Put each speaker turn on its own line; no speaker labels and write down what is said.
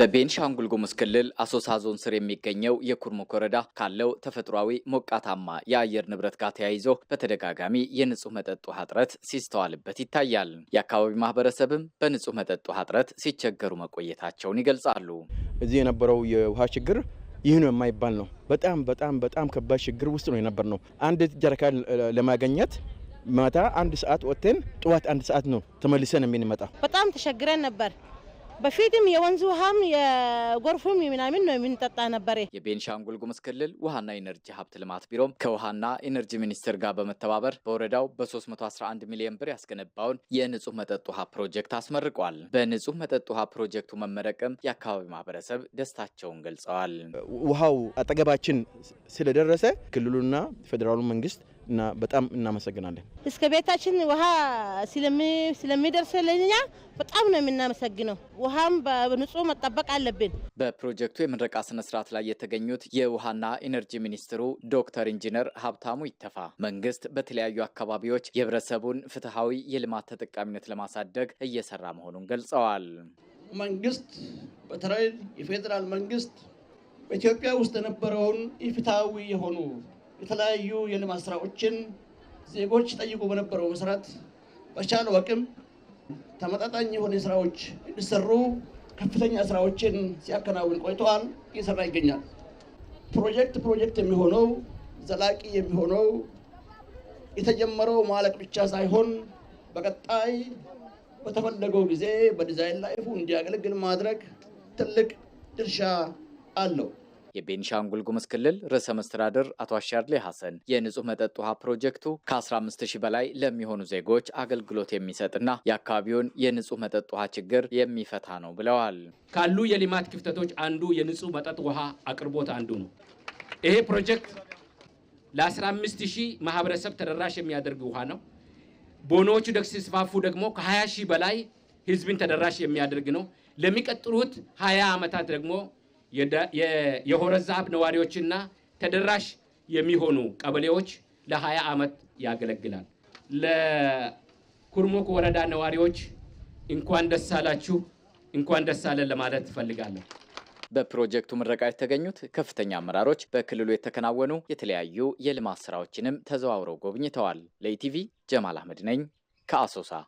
በቤንሻንጉል ጉሙዝ ክልል አሶሳ ዞን ስር የሚገኘው የኩርሙክ ወረዳ ካለው ተፈጥሯዊ ሞቃታማ የአየር ንብረት ጋር ተያይዞ በተደጋጋሚ የንጹህ መጠጥ ውሃ እጥረት ሲስተዋልበት ይታያል። የአካባቢው ማህበረሰብም በንጹህ መጠጥ ውሃ እጥረት ሲቸገሩ መቆየታቸውን ይገልጻሉ።
እዚህ የነበረው የውሃ ችግር ይህ ነው የማይባል ነው። በጣም በጣም በጣም ከባድ ችግር ውስጥ ነው የነበር ነው። አንድ ጀረካ ለማገኘት ማታ አንድ ሰዓት ወጥተን ጥዋት አንድ ሰዓት ነው ተመልሰን የምንመጣ።
በጣም ተቸግረን ነበር። በፊትም የወንዝ ውሃም የጎርፉም ምናምን ነው የምንጠጣ ነበር።
የቤንሻንጉል ጉሙዝ ክልል ውሃና ኢነርጂ ሀብት ልማት ቢሮም ከውሃና ኢነርጂ ሚኒስቴር ጋር በመተባበር በወረዳው በ311 ሚሊዮን ብር ያስገነባውን የንጹህ መጠጥ ውሃ ፕሮጀክት አስመርቋል። በንጹህ መጠጥ ውሃ ፕሮጀክቱ መመረቅም የአካባቢ ማህበረሰብ ደስታቸውን ገልጸዋል።
ውሃው አጠገባችን ስለደረሰ ክልሉና ፌዴራሉ መንግስት በጣም እናመሰግናለን።
እስከ ቤታችን ውሃ ስለሚደርስ በጣም ነው የምናመሰግነው። ውሃም በንጹህ መጠበቅ አለብን።
በፕሮጀክቱ የምረቃ ስነስርዓት ላይ የተገኙት የውሃና ኢነርጂ ሚኒስትሩ ዶክተር ኢንጂነር ሀብታሙ ይተፋ መንግስት በተለያዩ አካባቢዎች የህብረተሰቡን ፍትሐዊ የልማት ተጠቃሚነት ለማሳደግ እየሰራ መሆኑን ገልጸዋል።
መንግስት በተለይ የፌዴራል መንግስት በኢትዮጵያ ውስጥ የነበረውን ኢፍትሐዊ የሆኑ የተለያዩ የልማት ስራዎችን ዜጎች ጠይቁ በነበረው መሰረት በቻለው አቅም ተመጣጣኝ የሆነ ስራዎች እንዲሰሩ ከፍተኛ ስራዎችን ሲያከናውን ቆይተዋል፣ እየሰራ ይገኛል። ፕሮጀክት ፕሮጀክት የሚሆነው ዘላቂ የሚሆነው የተጀመረው ማለቅ ብቻ ሳይሆን በቀጣይ በተፈለገው ጊዜ በዲዛይን ላይፉ እንዲያገለግል ማድረግ ትልቅ ድርሻ አለው።
የቤኒሻንጉል ጉሙዝ ክልል ርዕሰ መስተዳድር አቶ አሻድሌ ሐሰን የንጹህ መጠጥ ውሃ ፕሮጀክቱ ከ15 ሺህ በላይ ለሚሆኑ ዜጎች አገልግሎት የሚሰጥና የአካባቢውን የንጹህ መጠጥ ውሃ ችግር የሚፈታ ነው ብለዋል።
ካሉ የልማት ክፍተቶች አንዱ የንጹህ መጠጥ ውሃ አቅርቦት አንዱ ነው። ይሄ ፕሮጀክት ለ15 ሺህ ማህበረሰብ ተደራሽ የሚያደርግ ውሃ ነው። ቦኖዎቹ ደግ ሲስፋፉ ደግሞ ከ20 ሺህ በላይ ህዝብን ተደራሽ የሚያደርግ ነው። ለሚቀጥሉት 20 ዓመታት ደግሞ የሆረ ዛብ ነዋሪዎችና ተደራሽ የሚሆኑ ቀበሌዎች ለ20 ዓመት ያገለግላል። ለኩርሙክ ወረዳ ነዋሪዎች እንኳን ደስ አላችሁ፣ እንኳን ደስ አለን ለማለት ትፈልጋለሁ።
በፕሮጀክቱ ምረቃ የተገኙት ከፍተኛ አመራሮች በክልሉ የተከናወኑ የተለያዩ የልማት ስራዎችንም ተዘዋውረው ጎብኝተዋል። ለኢቲቪ ጀማል አህመድ ነኝ ከአሶሳ